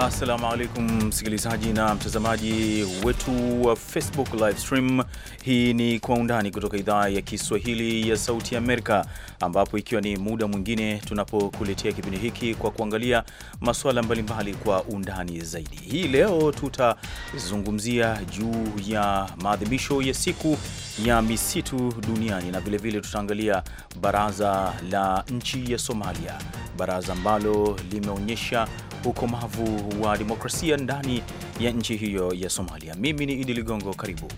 Assalamu alaikum msikilizaji na mtazamaji wetu wa Facebook live stream. Hii ni Kwa Undani kutoka idhaa ya Kiswahili ya Sauti Amerika, ambapo ikiwa ni muda mwingine tunapokuletea kipindi hiki kwa kuangalia masuala mbalimbali kwa undani zaidi. Hii leo tutazungumzia juu ya maadhimisho ya siku ya misitu duniani na vilevile tutaangalia baraza la nchi ya Somalia, baraza ambalo limeonyesha ukomavu wa demokrasia ndani ya nchi hiyo ya Somalia. Mimi ni Idi Ligongo, karibu.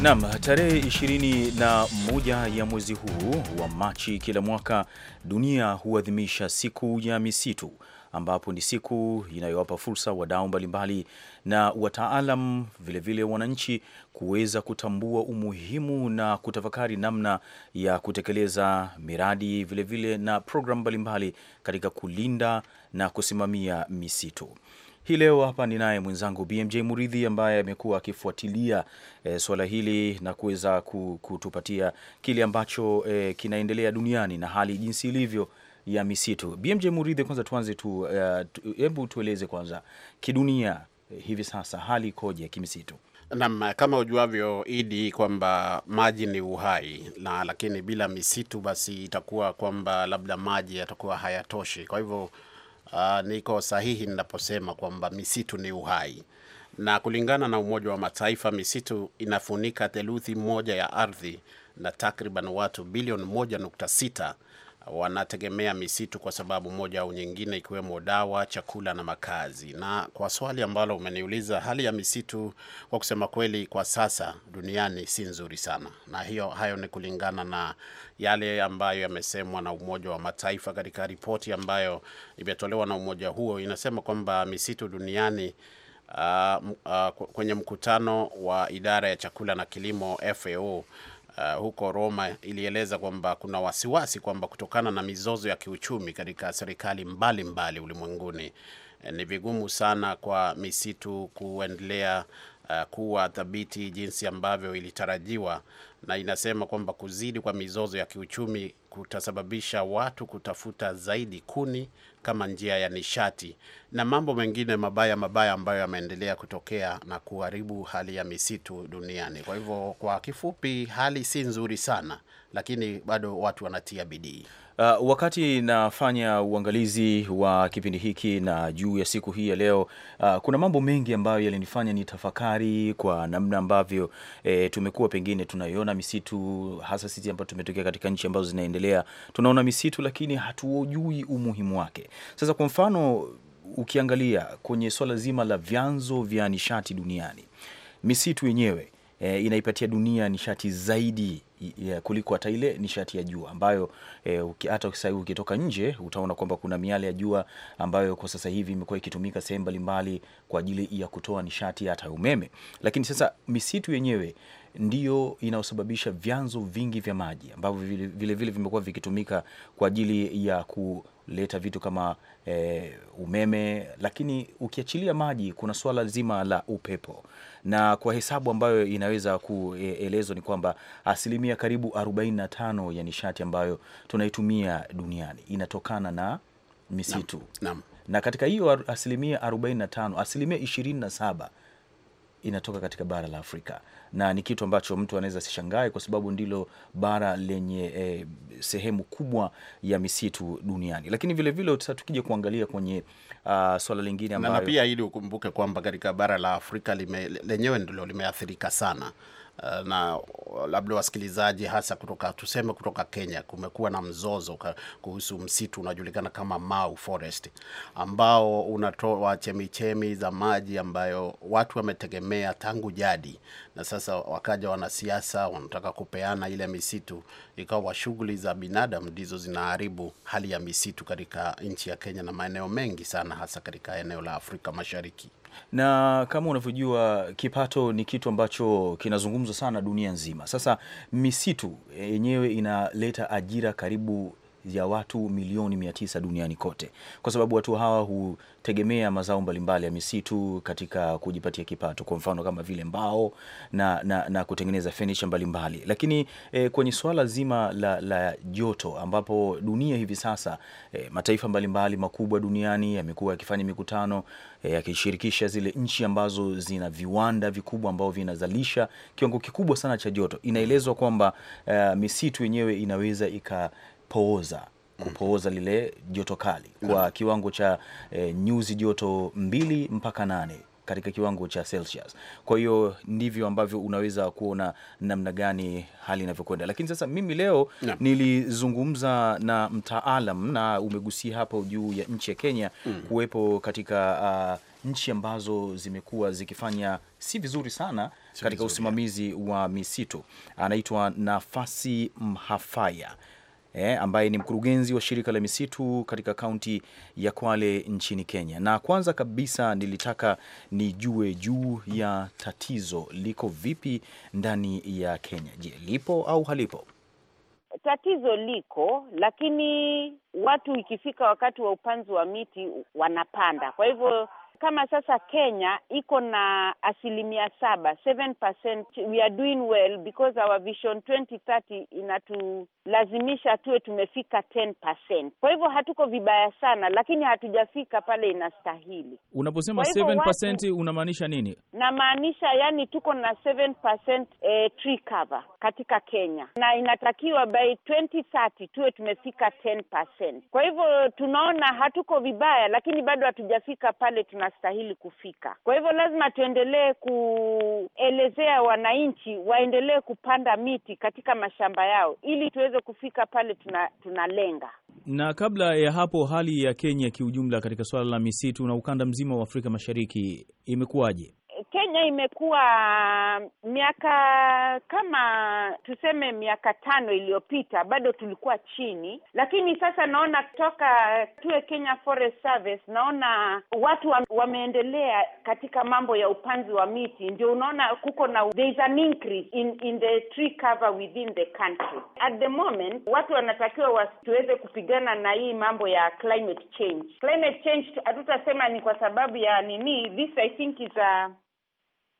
Nam, tarehe 21 ya mwezi huu wa Machi kila mwaka dunia huadhimisha siku ya misitu ambapo ni siku inayowapa fursa wadau mbalimbali na wataalam vilevile wananchi kuweza kutambua umuhimu na kutafakari namna ya kutekeleza miradi vilevile vile na programu mbalimbali katika kulinda na kusimamia misitu. Hii leo hapa ninaye mwenzangu BMJ Muridhi ambaye amekuwa akifuatilia e, eh, suala hili na kuweza kutupatia kile ambacho e, kinaendelea duniani na hali jinsi ilivyo ya misitu. BMJ Muridhi, kwanza tuanze tu, uh, hebu uh, tueleze kwanza kidunia eh, hivi sasa hali ikoje kimisitu? Naam, kama ujuavyo Idi, kwamba maji ni uhai na lakini bila misitu basi itakuwa kwamba labda maji yatakuwa hayatoshi. Kwa hivyo uh, niko sahihi ninaposema kwamba misitu ni uhai, na kulingana na Umoja wa Mataifa misitu inafunika theluthi moja ya ardhi na takriban watu bilioni moja nukta sita wanategemea misitu kwa sababu moja au nyingine, ikiwemo dawa, chakula na makazi. Na kwa swali ambalo umeniuliza, hali ya misitu kwa kusema kweli kwa sasa duniani si nzuri sana, na hiyo hayo ni kulingana na yale ambayo yamesemwa na Umoja wa Mataifa katika ripoti ambayo imetolewa na umoja huo, inasema kwamba misitu duniani Uh, uh, kwenye mkutano wa idara ya chakula na kilimo FAO uh, huko Roma ilieleza kwamba kuna wasiwasi kwamba kutokana na mizozo ya kiuchumi katika serikali mbalimbali ulimwenguni eh, ni vigumu sana kwa misitu kuendelea uh, kuwa thabiti jinsi ambavyo ilitarajiwa, na inasema kwamba kuzidi kwa mizozo ya kiuchumi kutasababisha watu kutafuta zaidi kuni kama njia ya nishati na mambo mengine mabaya mabaya ambayo yameendelea kutokea na kuharibu hali ya misitu duniani. Kwa hivyo, kwa kifupi, hali si nzuri sana, lakini bado watu wanatia bidii. Uh, wakati nafanya uangalizi wa kipindi hiki na juu ya siku hii ya leo, uh, kuna mambo mengi ambayo yalinifanya ni tafakari kwa namna ambavyo eh, tumekuwa pengine tunaiona misitu, hasa sisi ambao tumetokea katika nchi ambazo zinaendelea, tunaona misitu lakini hatujui umuhimu wake. Sasa kwa mfano, ukiangalia kwenye swala zima la vyanzo vya nishati duniani, misitu yenyewe e, inaipatia dunia nishati zaidi ya kuliko hata ile nishati ya jua ambayo hata eh, uki, hata hivi ukitoka nje utaona kwamba kuna miale ya jua ambayo kwa sasa hivi imekuwa ikitumika sehemu mbalimbali kwa ajili ya kutoa nishati hata ya umeme. Lakini sasa misitu yenyewe ndiyo inayosababisha vyanzo vingi vya maji ambavyo vilevile vile vimekuwa vikitumika kwa ajili ya kuleta vitu kama e, umeme. Lakini ukiachilia maji, kuna swala zima la upepo na kwa hesabu ambayo inaweza kuelezwa ni kwamba asilimia karibu 45 ya nishati ambayo tunaitumia duniani inatokana na misitu. Naam. Naam. Na katika hiyo asilimia 45, asilimia 27 inatoka katika bara la Afrika, na ni kitu ambacho mtu anaweza sishangae kwa sababu ndilo bara lenye eh, sehemu kubwa ya misitu duniani. Lakini vilevile tukija kuangalia kwenye uh, swala lingine ambayo na pia ili ukumbuke kwamba katika bara la Afrika lime, lenyewe ndilo limeathirika sana Eh, na uh, labda wasikilizaji, hasa kutoka tuseme kutoka Kenya, kumekuwa na mzozo kuhusu msitu unajulikana kama Mau Forest ambao unatoa chemichemi za maji ambayo watu wametegemea tangu jadi, na sasa wakaja wanasiasa wanataka kupeana ile misitu, ikawa shughuli za binadamu ndizo zinaharibu hali ya misitu katika nchi ya Kenya na maeneo mengi sana, hasa katika eneo la Afrika Mashariki na kama unavyojua kipato ni kitu ambacho kinazungumzwa sana dunia nzima. Sasa misitu yenyewe inaleta ajira karibu ya watu milioni mia tisa duniani kote, kwa sababu watu hawa hutegemea mazao mbalimbali ya misitu katika kujipatia kipato, kwa mfano kama vile mbao na, na, na kutengeneza furniture mbalimbali. Lakini eh, kwenye swala zima la, la joto ambapo dunia hivi sasa eh, mataifa mbalimbali makubwa duniani yamekuwa yakifanya mikutano eh, yakishirikisha zile nchi ambazo zina viwanda vikubwa ambavyo vinazalisha kiwango kikubwa sana cha joto. Inaelezwa kwamba eh, misitu yenyewe inaweza ika kupooza kupooza lile joto kali kwa kiwango cha e, nyuzi joto mbili mpaka nane katika kiwango cha Celsius. Kwa hiyo ndivyo ambavyo unaweza kuona namna gani hali inavyokwenda. Lakini sasa mimi leo na, nilizungumza na mtaalam na umegusia hapo juu ya nchi ya Kenya mm, kuwepo katika uh, nchi ambazo zimekuwa zikifanya si vizuri sana si katika vizuri, usimamizi wa misitu. Anaitwa Nafasi Mhafaya eh, ambaye ni mkurugenzi wa shirika la misitu katika kaunti ya Kwale nchini Kenya. Na kwanza kabisa nilitaka nijue juu ya tatizo liko vipi ndani ya Kenya. Je, lipo au halipo? Tatizo liko lakini watu ikifika wakati wa upanzi wa miti wanapanda. Kwa hivyo kama sasa Kenya iko na asilimia saba, 7%, we are doing well because our vision 2030 inatulazimisha tuwe tumefika 10%. Kwa hivyo hatuko vibaya sana, lakini hatujafika pale inastahili. Unaposema 7% unamaanisha nini? Namaanisha yani tuko na 7% eh, tree cover katika Kenya na inatakiwa by 2030 tuwe tumefika 10%. Kwa hivyo tunaona hatuko vibaya, lakini bado hatujafika pale tuna hawastahili kufika. Kwa hivyo lazima tuendelee kuelezea wananchi waendelee kupanda miti katika mashamba yao ili tuweze kufika pale tuna, tunalenga. Na kabla ya hapo, hali ya Kenya kiujumla katika suala la misitu na ukanda mzima wa Afrika Mashariki imekuwaje? Kenya imekuwa um, miaka kama tuseme miaka tano iliyopita bado tulikuwa chini, lakini sasa naona toka tuwe Kenya Forest Service, naona watu wameendelea katika mambo ya upanzi wa miti, ndio unaona kuko na there is an increase in, in the tree cover within the country at the moment. Watu wanatakiwa wasiweze kupigana na hii mambo ya climate change. Climate change hatutasema ni kwa sababu ya nini, this I think is a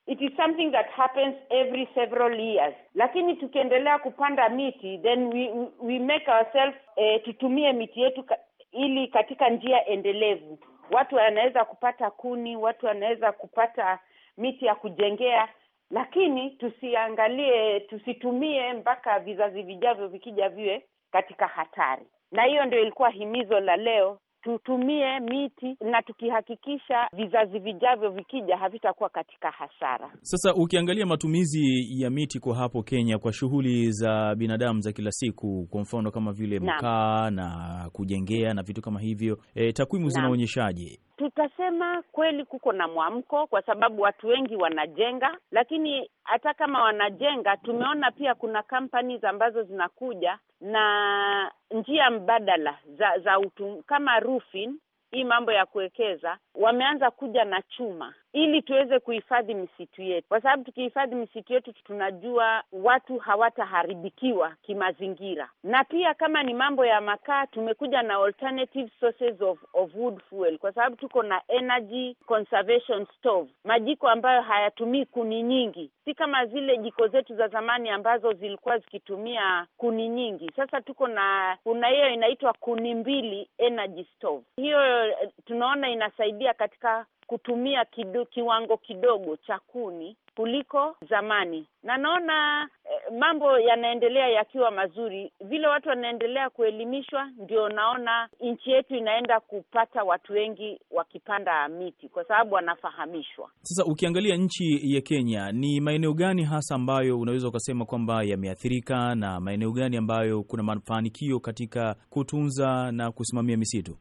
It is something that happens every several years, lakini tukiendelea kupanda miti then we, we make ourselves eh, tutumie miti yetu ka, ili katika njia endelevu. Watu wanaweza kupata kuni, watu wanaweza kupata miti ya kujengea, lakini tusiangalie, tusitumie mpaka vizazi vijavyo vikija viwe katika hatari. Na hiyo ndio ilikuwa himizo la leo tutumie miti na tukihakikisha vizazi vijavyo vikija havitakuwa katika hasara. Sasa ukiangalia matumizi ya miti kwa hapo Kenya kwa shughuli za binadamu za kila siku, kwa mfano kama vile mkaa na kujengea na vitu kama hivyo, e, takwimu zinaonyeshaje? Tutasema kweli kuko na mwamko, kwa sababu watu wengi wanajenga, lakini hata kama wanajenga, tumeona pia kuna kampani ambazo zinakuja na njia mbadala za, za utum, kama roofing, hii mambo ya kuwekeza wameanza kuja na chuma ili tuweze kuhifadhi misitu yetu, kwa sababu tukihifadhi misitu yetu tunajua watu hawataharibikiwa kimazingira, na pia kama ni mambo ya makaa, tumekuja na alternative sources of, of wood fuel, kwa sababu tuko na energy conservation stove, majiko ambayo hayatumii kuni nyingi, si kama zile jiko zetu za zamani ambazo zilikuwa zikitumia kuni nyingi. Sasa tuko na kuna hiyo inaitwa kuni mbili energy stove, hiyo eh, tunaona inasaidia kusaidia katika kutumia kidu, kiwango kidogo cha kuni kuliko zamani, na naona eh, mambo yanaendelea yakiwa mazuri. Vile watu wanaendelea kuelimishwa, ndio naona nchi yetu inaenda kupata watu wengi wakipanda miti, kwa sababu wanafahamishwa. Sasa ukiangalia nchi ya Kenya, ni maeneo gani hasa ambayo unaweza ukasema kwamba yameathirika na maeneo gani ambayo kuna mafanikio katika kutunza na kusimamia misitu?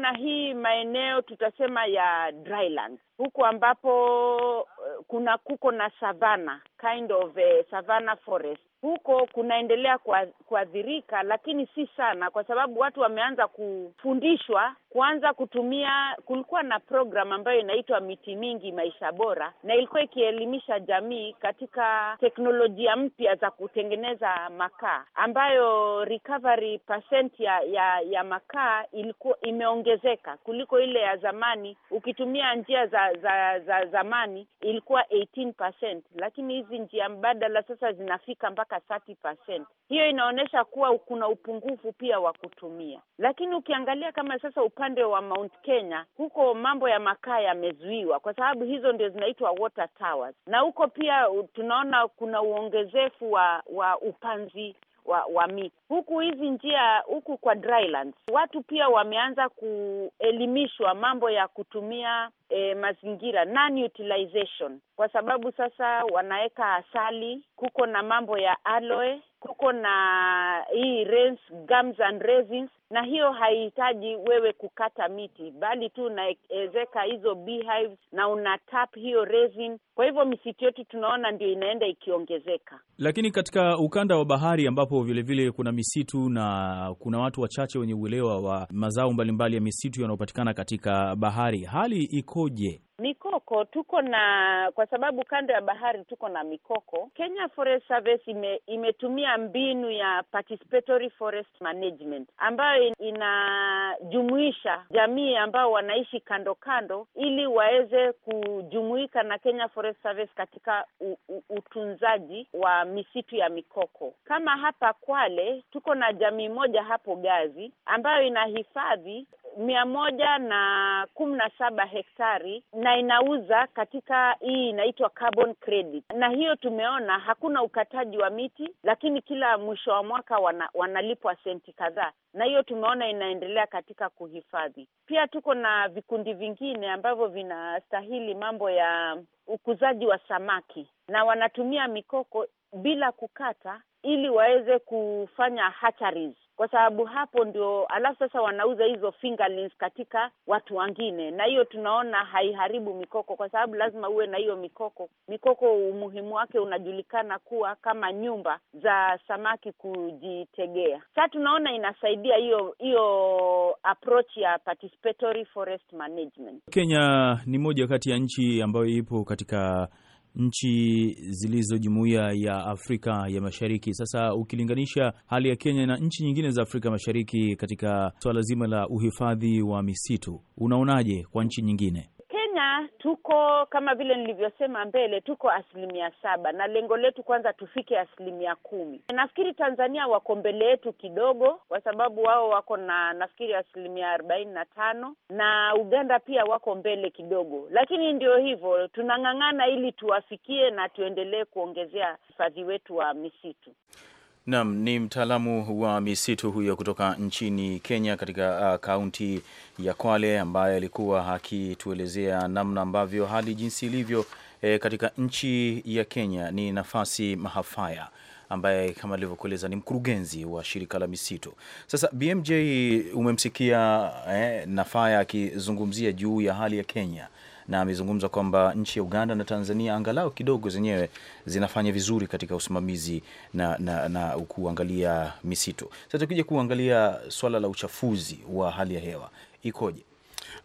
na hii maeneo tutasema ya dryland huku ambapo eh, kuna kuko na savana kind of a eh, savana forest huko kunaendelea kuathirika, lakini si sana, kwa sababu watu wameanza kufundishwa kuanza kutumia. Kulikuwa na program ambayo inaitwa Miti Mingi Maisha Bora, na ilikuwa ikielimisha jamii katika teknolojia mpya za kutengeneza makaa, ambayo recovery percent ya, ya, ya makaa ilikuwa imeongezeka kuliko ile ya zamani. Ukitumia njia za za, za zamani ilikuwa 18%, lakini hizi njia mbadala sasa zinafika mpaka mpaka 30%. Hiyo inaonyesha kuwa kuna upungufu pia wa kutumia, lakini ukiangalia kama sasa upande wa Mount Kenya huko mambo ya makaa yamezuiwa, kwa sababu hizo ndio zinaitwa water towers, na huko pia tunaona kuna uongezefu wa, wa upanzi wa, wa miti huku hizi njia huku kwa drylands, watu pia wameanza kuelimishwa mambo ya kutumia e, mazingira non utilization, kwa sababu sasa wanaweka asali, kuko na mambo ya aloe, kuko na hii rains, gums and resins, na hiyo haihitaji wewe kukata miti, bali tu unaezeka hizo beehives na una tap hiyo resin. Kwa hivyo misitu yetu tunaona ndio inaenda ikiongezeka, lakini katika ukanda wa bahari ambapo vilevile vile kuna misitu na kuna watu wachache wenye uelewa wa mazao mbalimbali ya misitu yanayopatikana katika bahari, hali iko ikoje? Mikoko tuko na, kwa sababu kando ya bahari tuko na mikoko. Kenya Forest Service ime, imetumia mbinu ya participatory forest management ambayo inajumuisha jamii ambao wanaishi kando kando, ili waweze kujumuika na Kenya Forest Service katika u, u, utunzaji wa misitu ya mikoko. Kama hapa Kwale tuko na jamii moja hapo Gazi ambayo inahifadhi mia moja na kumi na saba hektari na inauza katika hii inaitwa carbon credit, na hiyo tumeona hakuna ukataji wa miti, lakini kila mwisho wa mwaka wana, wanalipwa senti kadhaa, na hiyo tumeona inaendelea katika kuhifadhi. Pia tuko na vikundi vingine ambavyo vinastahili mambo ya ukuzaji wa samaki na wanatumia mikoko bila kukata ili waweze kufanya hatcheries kwa sababu hapo ndio, alafu sasa wanauza hizo fingerlings katika watu wengine, na hiyo tunaona haiharibu mikoko, kwa sababu lazima uwe na hiyo mikoko. Mikoko umuhimu wake unajulikana kuwa kama nyumba za samaki kujitegea. Sasa tunaona inasaidia hiyo hiyo approach ya participatory forest management. Kenya ni moja kati ya nchi ambayo ipo katika nchi zilizo jumuiya ya Afrika ya Mashariki. Sasa ukilinganisha hali ya Kenya na nchi nyingine za Afrika Mashariki katika swala zima la uhifadhi wa misitu, unaonaje kwa nchi nyingine? Kenya tuko kama vile nilivyosema mbele, tuko asilimia saba na lengo letu kwanza tufike asilimia kumi. Nafikiri Tanzania wako mbele yetu kidogo, kwa sababu wao wako na nafikiri asilimia arobaini na tano na Uganda pia wako mbele kidogo, lakini ndio hivyo tunang'ang'ana ili tuwafikie na tuendelee kuongezea hifadhi wetu wa misitu. Naam, ni mtaalamu wa misitu huyo kutoka nchini Kenya katika uh, kaunti ya Kwale ambaye alikuwa akituelezea namna ambavyo hali jinsi ilivyo eh, katika nchi ya Kenya. Ni Nafasi Mahafaya ambaye kama alivyokueleza ni mkurugenzi wa shirika la misitu. Sasa BMJ, umemsikia eh, Nafaya akizungumzia juu ya hali ya Kenya na amezungumza kwamba nchi ya Uganda na Tanzania angalau kidogo zenyewe zinafanya vizuri katika usimamizi na, na, na kuangalia misitu. Sasa tukija kuangalia swala la uchafuzi wa hali ya hewa ikoje?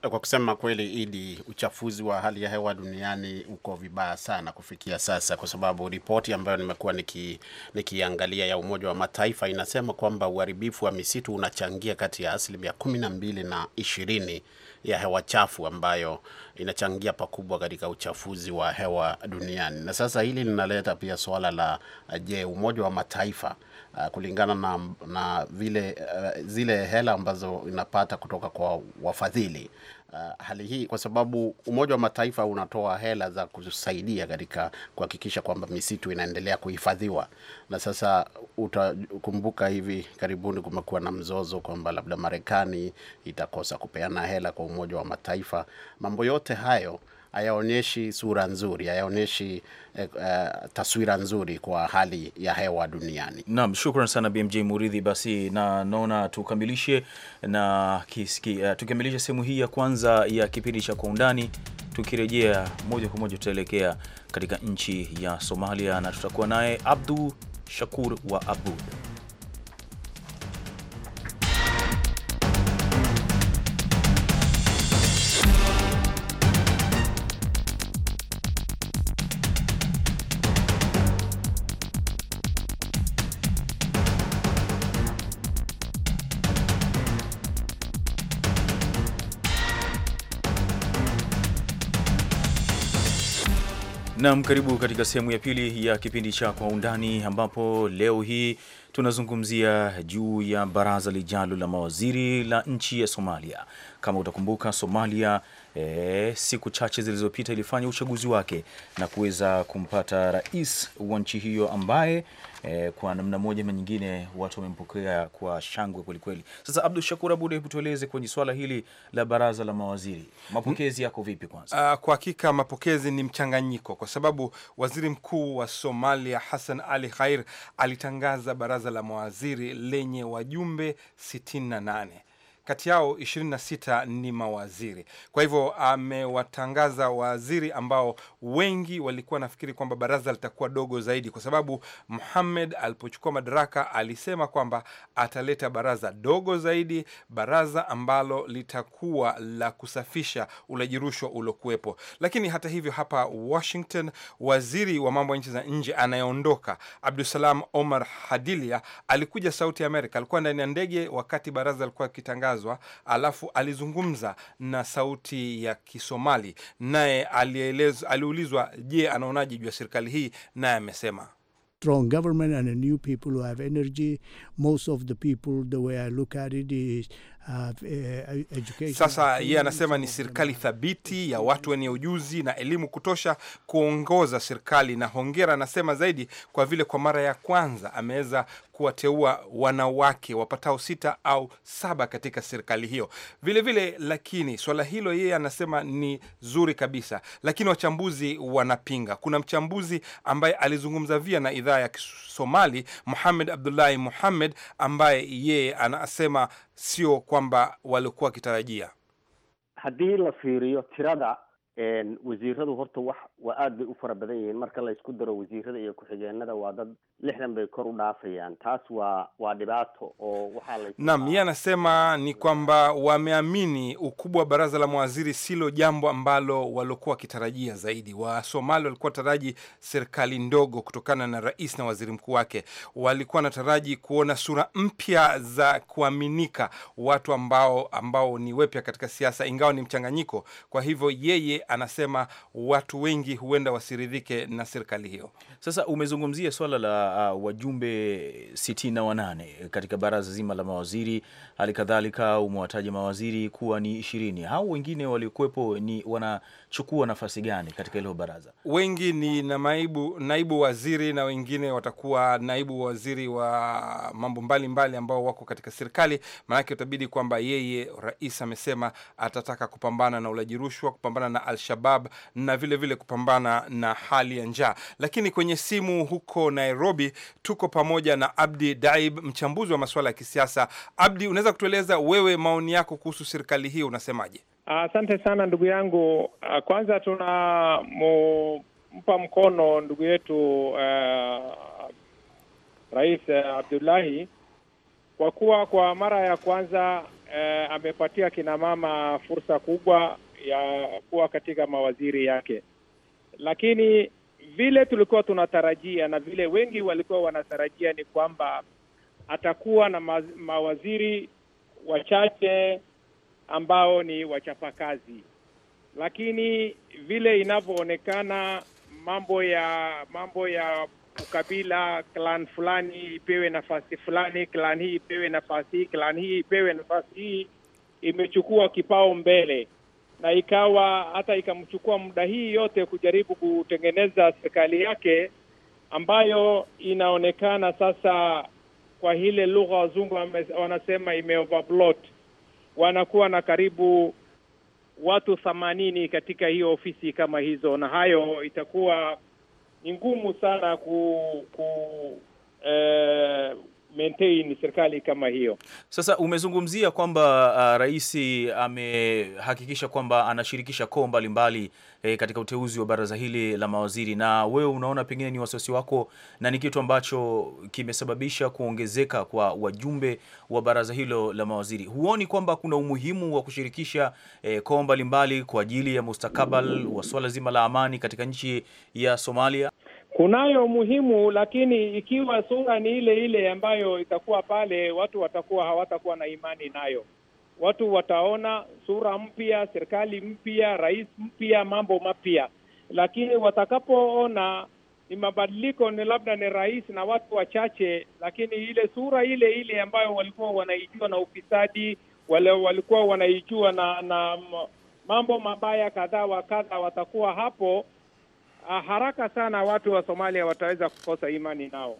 Eh, kwa kusema kweli, Idi, uchafuzi wa hali ya hewa duniani uko vibaya sana kufikia sasa, kwa sababu ripoti ambayo nimekuwa niki, nikiangalia ya Umoja wa Mataifa inasema kwamba uharibifu wa misitu unachangia kati ya asilimia kumi na mbili na ishirini ya hewa chafu ambayo inachangia pakubwa katika uchafuzi wa hewa duniani. Na sasa hili linaleta pia suala la eh, je, Umoja wa Mataifa uh, kulingana na, na vile uh, zile hela ambazo inapata kutoka kwa wafadhili. Uh, hali hii kwa sababu Umoja wa Mataifa unatoa hela za kusaidia katika kuhakikisha kwamba misitu inaendelea kuhifadhiwa, na sasa utakumbuka hivi karibuni kumekuwa na mzozo kwamba labda Marekani itakosa kupeana hela kwa Umoja wa Mataifa. Mambo yote hayo hayaonyeshi sura nzuri, hayaonyeshi eh, eh, taswira nzuri kwa hali ya hewa duniani. Naam, shukran sana BMJ Muridhi. Basi na naona tukamilishe na kisiki, uh, eh, tukamilishe sehemu hii ya kwanza ya kipindi cha kwa undani. Tukirejea moja kwa moja tutaelekea katika nchi ya Somalia na tutakuwa naye Abdu Shakur wa Abud. Nam, karibu katika sehemu ya pili ya kipindi cha Kwa Undani, ambapo leo hii tunazungumzia juu ya baraza lijalo la mawaziri la nchi ya Somalia. Kama utakumbuka, Somalia e, siku chache zilizopita ilifanya uchaguzi wake na kuweza kumpata rais wa nchi hiyo ambaye eh, kwa namna moja ama nyingine watu wamempokea kwa shangwe kwelikweli. Sasa Abdu Shakur Abud, hebu tueleze kwenye swala hili la baraza la mawaziri, mapokezi yako vipi? Kwanza, ah, kwa hakika mapokezi ni mchanganyiko, kwa sababu waziri mkuu wa Somalia Hassan Ali Khair alitangaza baraza la mawaziri lenye wajumbe 68 kati yao 26 ni mawaziri. Kwa hivyo amewatangaza waziri ambao wengi walikuwa nafikiri kwamba baraza litakuwa dogo zaidi, kwa sababu Muhamed alipochukua madaraka alisema kwamba ataleta baraza dogo zaidi, baraza ambalo litakuwa la kusafisha ulaji rushwa uliokuwepo. Lakini hata hivyo, hapa Washington, waziri wa mambo ya nchi za nje anayeondoka Abdusalam Omar Hadilia alikuja Sauti Amerika, alikuwa ndani ya ndege wakati baraza likuwa kitangaza kutangazwa, alafu alizungumza na sauti ya Kisomali, naye aliulizwa, je, anaonaje juu ya serikali hii, naye amesema strong government and new people who have energy. Most of the people, the way I look at it is have eh, eh, education. Sasa yeye anasema ni serikali thabiti ya watu wenye ujuzi na elimu kutosha kuongoza serikali, na hongera anasema zaidi kwa vile kwa mara ya kwanza ameweza kuwateua wanawake wapatao sita au saba katika serikali hiyo vilevile vile. Lakini swala hilo yeye anasema ni zuri kabisa, lakini wachambuzi wanapinga. Kuna mchambuzi ambaye alizungumza via na idhaa ya Kisomali, Muhamed Abdullahi Muhamed, ambaye yeye anasema sio kwamba walikuwa wakitarajia haddii la fiiriyo tirada eh, wasiiradu horta wax waa aad bay u fara badan yihiin marka la isku daro wasiirada iyo ku-xigeenada waa dad lixdan bay kor u dhaafayaan taas waa waa dhibaato oo waxaa la naam yeye anasema ni kwamba wameamini ukubwa wa baraza la mawaziri silo jambo ambalo waliokuwa wakitarajia zaidi. Wasomali walikuwa wataraji serikali ndogo kutokana na rais na waziri mkuu wake, walikuwa wanataraji kuona sura mpya za kuaminika, watu ambao ambao ni wepya katika siasa, ingawa ni mchanganyiko. Kwa hivyo yeye anasema watu wengi huenda wasiridhike na serikali hiyo. Sasa umezungumzia swala la uh, wajumbe 68 na wanane katika baraza zima la mawaziri. Hali kadhalika umewataja mawaziri kuwa ni ishirini. Hao wengine waliokuwepo ni wanachukua nafasi gani katika hilo baraza? Wengi ni na maibu, naibu waziri na wengine watakuwa naibu waziri wa mambo mbalimbali ambao wako katika serikali, maanake utabidi kwamba yeye rais amesema atataka kupambana na ulaji rushwa, kupambana na Al-Shabab na vilevile vile kupambana na hali ya njaa, lakini kwenye simu huko Nairobi Nairobi. Tuko pamoja na Abdi Daib, mchambuzi wa masuala ya kisiasa. Abdi, unaweza kutueleza wewe maoni yako kuhusu serikali hii, unasemaje? Asante uh, sana ndugu yangu. Uh, kwanza tunampa mkono ndugu yetu uh, Rais uh, Abdullahi kwa kuwa kwa mara ya kwanza uh, amepatia kina mama fursa kubwa ya kuwa katika mawaziri yake, lakini vile tulikuwa tunatarajia na vile wengi walikuwa wanatarajia ni kwamba atakuwa na ma mawaziri wachache ambao ni wachapakazi, lakini vile inavyoonekana mambo ya mambo ya ukabila, klan fulani ipewe nafasi fulani, klan hii ipewe nafasi hii, klan hii ipewe nafasi hii, imechukua kipao mbele na ikawa hata ikamchukua muda hii yote kujaribu kutengeneza serikali yake ambayo inaonekana sasa, kwa ile lugha wazungu wanasema ime Wanakuwa na karibu watu themanini katika hiyo ofisi kama hizo, na hayo itakuwa ni ngumu sana ku, ku eh, maintain serikali kama hiyo. Sasa umezungumzia kwamba uh, rais amehakikisha kwamba anashirikisha koo mbalimbali eh, katika uteuzi wa baraza hili la mawaziri, na wewe unaona pengine ni wasiwasi wako na ni kitu ambacho kimesababisha kuongezeka kwa wajumbe wa baraza hilo la mawaziri. Huoni kwamba kuna umuhimu wa kushirikisha eh, koo mbalimbali kwa ajili ya mustakabali wa swala zima la amani katika nchi ya Somalia? kunayo muhimu, lakini ikiwa sura ni ile ile ambayo itakuwa pale, watu watakuwa hawatakuwa na imani nayo. Watu wataona sura mpya, serikali mpya, rais mpya, mambo mapya, lakini watakapoona ni mabadiliko, ni labda ni rais na watu wachache, lakini ile sura ile ile ambayo walikuwa wanaijua na ufisadi wale walikuwa wanaijua na, na mambo mabaya kadhaa wa kadha watakuwa hapo Ah, haraka sana watu wa Somalia wataweza kukosa imani nao.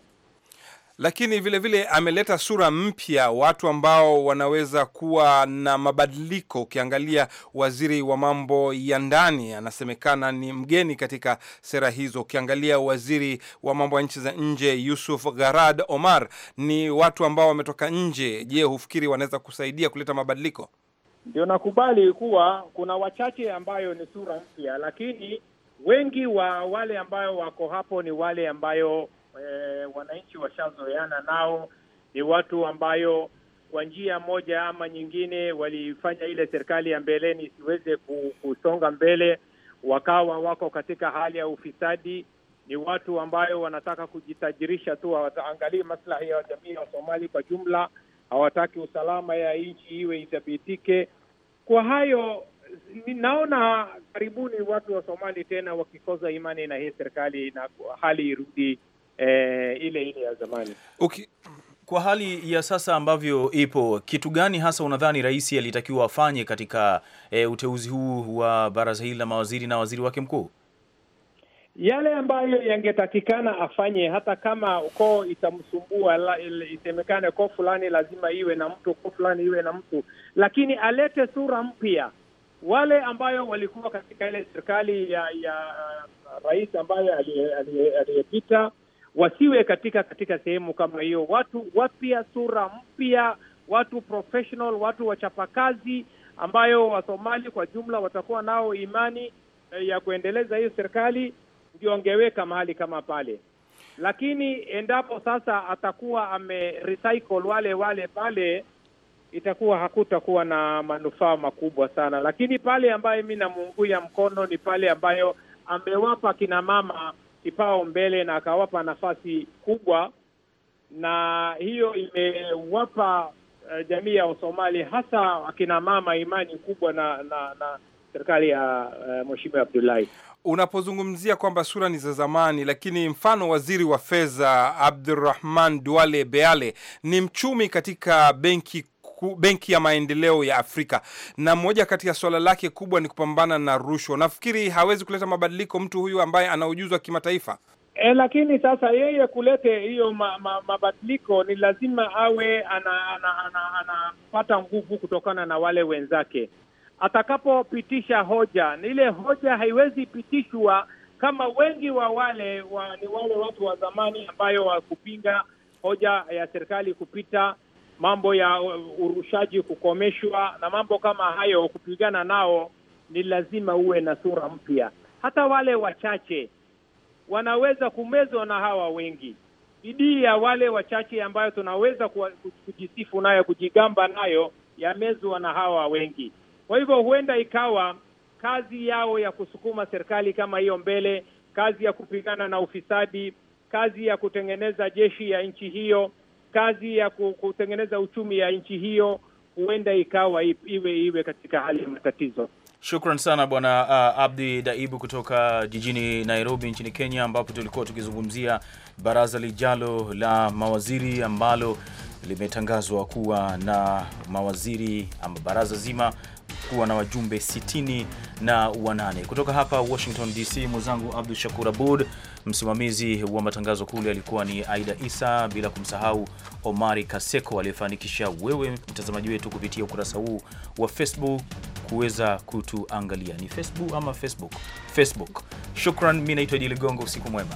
Lakini vile vile ameleta sura mpya, watu ambao wanaweza kuwa na mabadiliko. Ukiangalia waziri wa mambo ya ndani anasemekana ni mgeni katika sera hizo. Ukiangalia waziri wa mambo ya nchi za nje Yusuf Garad Omar, ni watu ambao wametoka nje. Je, hufikiri wanaweza kusaidia kuleta mabadiliko? Ndio, nakubali kuwa kuna wachache ambayo ni sura mpya, lakini wengi wa wale ambayo wako hapo ni wale ambayo e, wananchi washazoeana nao, ni watu ambayo kwa njia moja ama nyingine walifanya ile serikali ya mbeleni isiweze kusonga mbele, wakawa wako katika hali ya ufisadi. Ni watu ambayo wanataka kujitajirisha tu, hawataangalii maslahi ya jamii ya Somali kwa jumla, hawataki usalama ya nchi iwe ithabitike. Kwa hayo ninaona karibuni watu wa Somali tena wakikoza imani na hii serikali na hali irudi eh, ile ile ya zamani. Okay. Kwa hali ya sasa ambavyo ipo, kitu gani hasa unadhani rais alitakiwa afanye katika e, uteuzi huu wa baraza hili la mawaziri na waziri wake mkuu? Yale ambayo yangetakikana afanye, hata kama ukoo itamsumbua, isemekane koo fulani lazima iwe na mtu, koo fulani iwe na mtu, lakini alete sura mpya wale ambayo walikuwa katika ile serikali ya ya uh, rais ambayo aliyepita wasiwe katika katika sehemu kama hiyo. Watu wapya, sura mpya, watu professional, watu wachapakazi, ambayo Wasomali kwa jumla watakuwa nao imani eh, ya kuendeleza hiyo serikali, ndio angeweka mahali kama pale. Lakini endapo sasa atakuwa ame wale wale pale itakuwa hakutakuwa na manufaa makubwa sana, lakini pale ambayo mi namuunguya mkono ni pale ambayo amewapa kina mama kipao mbele na akawapa nafasi kubwa, na hiyo imewapa uh, jamii ya Wasomali hasa akina mama imani kubwa na na, na serikali ya uh, Mheshimiwa Abdullahi. Unapozungumzia kwamba sura ni za zamani, lakini mfano waziri wa fedha Abdurrahman Duale Beale ni mchumi katika benki benki ya maendeleo ya Afrika, na moja kati ya swala lake kubwa ni kupambana na rushwa. Nafikiri hawezi kuleta mabadiliko mtu huyu ambaye ana ujuzi wa kimataifa. E, lakini sasa yeye kulete hiyo ma, ma, mabadiliko ni lazima awe anapata ana, ana, ana, ana, nguvu kutokana na wale wenzake. Atakapopitisha hoja, ni ile hoja haiwezi pitishwa kama wengi wa wale wa, ni wale watu wa zamani ambayo wakupinga hoja ya serikali kupita mambo ya urushaji kukomeshwa na mambo kama hayo, kupigana nao ni lazima uwe na sura mpya. Hata wale wachache wanaweza kumezwa na hawa wengi. Bidii ya wale wachache ambayo tunaweza kujisifu nayo, kujigamba nayo, yamezwa na hawa wengi. Kwa hivyo, huenda ikawa kazi yao ya kusukuma serikali kama hiyo mbele, kazi ya kupigana na ufisadi, kazi ya kutengeneza jeshi ya nchi hiyo kazi ya kutengeneza uchumi ya nchi hiyo huenda ikawa iwe iwe katika hali ya matatizo. Shukran sana bwana uh, Abdi Daibu kutoka jijini Nairobi nchini Kenya, ambapo tulikuwa tukizungumzia baraza lijalo la mawaziri ambalo limetangazwa kuwa na mawaziri ama baraza zima kuwa na wajumbe 68 kutoka hapa Washington DC. Mwenzangu Abdu Shakur Abud, msimamizi wa matangazo kule alikuwa ni Aida Isa, bila kumsahau Omari Kaseko aliyefanikisha wewe mtazamaji wetu kupitia ukurasa huu wa Facebook kuweza kutuangalia. Ni Facebook ama Facebook? Facebook. Shukran, mi naitwa Idi Ligongo, usiku mwema.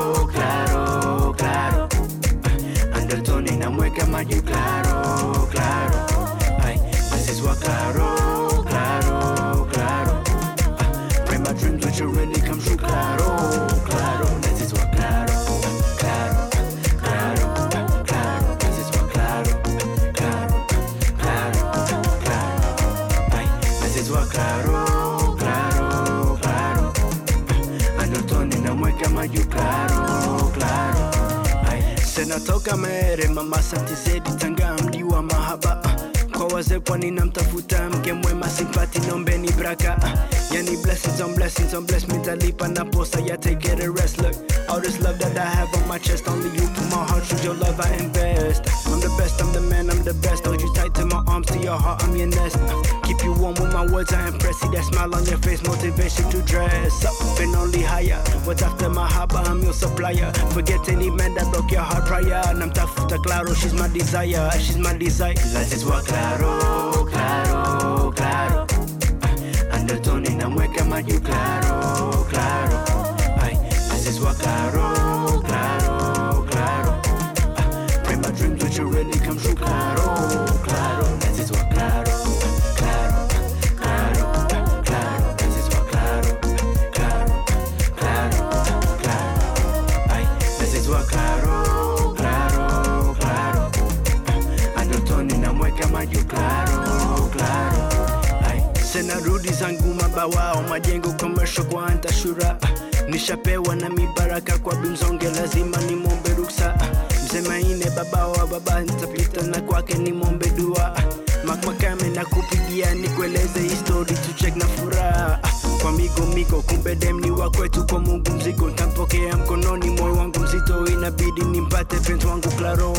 tamaere mamasatizeditanga mawaze kwani namtafuta mke mwema simpati ah, ni braka uh, yani blessings on blessings on bless me talipa na posa ya yeah, take it a rest look all this love that I have on my chest only you put my heart through your love I invest I'm the best I'm the man I'm the best hold you tight to my arms to your heart I'm your nest keep you warm with my words I impress see that smile on your face motivation to dress up Been only higher what's after my heart, but I'm your supplier forget any man that broke your heart prior I'm tough, namtafuta Claro oh, she's my desire she's my desire Let's walk, Claro claro, claro, claro. Undertone inamweka ah, maji claro, claro. Ay, azizwa claro, claro, claro. Pray my dreams, which you really come true claro. maji claro, claro. Sena rudi zangu mabawao majengo commercial kwa antashura nishapewa na mibaraka kwa bimzonge lazima ni mombe ruksa mzemaine babao wa baba nitapita na kwake ni mombe dua makmakame na kupigia ni kueleze histori tuchek na furaha kwa migo migo kumbe dem ni wakwetu kwa mungu mzigo ntampokea mkononi moyo wangu mzito inabidi nimpate pent wangu klaro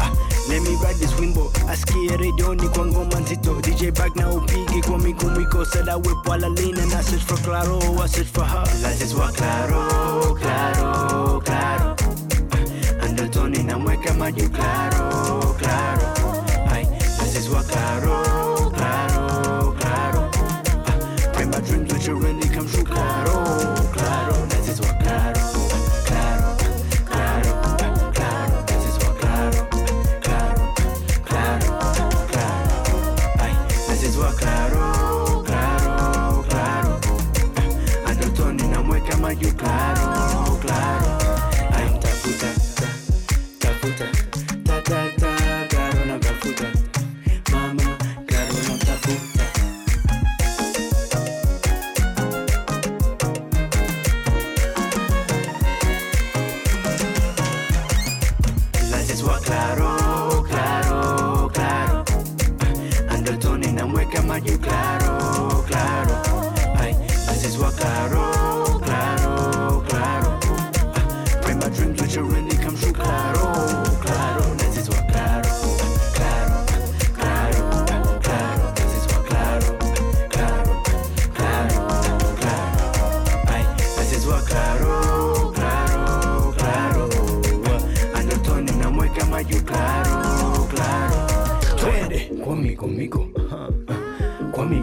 ah. let me ride this wimbo asikie redioni kwa ngoma nzito dj back na upigi kwa mikumiko sada wepo alalina na search for claro I search for her lazis wa claro claro claro andotoni namweka maju claro claro ai lazis wa claro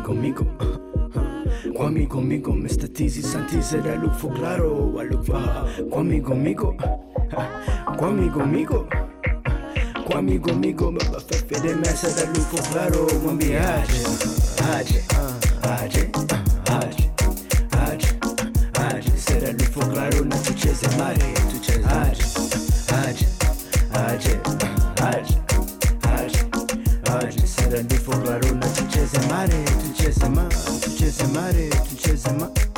comigo, Kwami conmigo, Mr. Tizzy Santis era Lufo Claro, Alufa. Kwami Comigo, Kwami comigo, Kwami comigo, me va de mesa da Lufo Claro, Wambi aje, aje, aje, aje, aje, aje, Será Lufo Claro na Tuchese Mare, Tuchese aje, aje, aje, Emare tucheze ma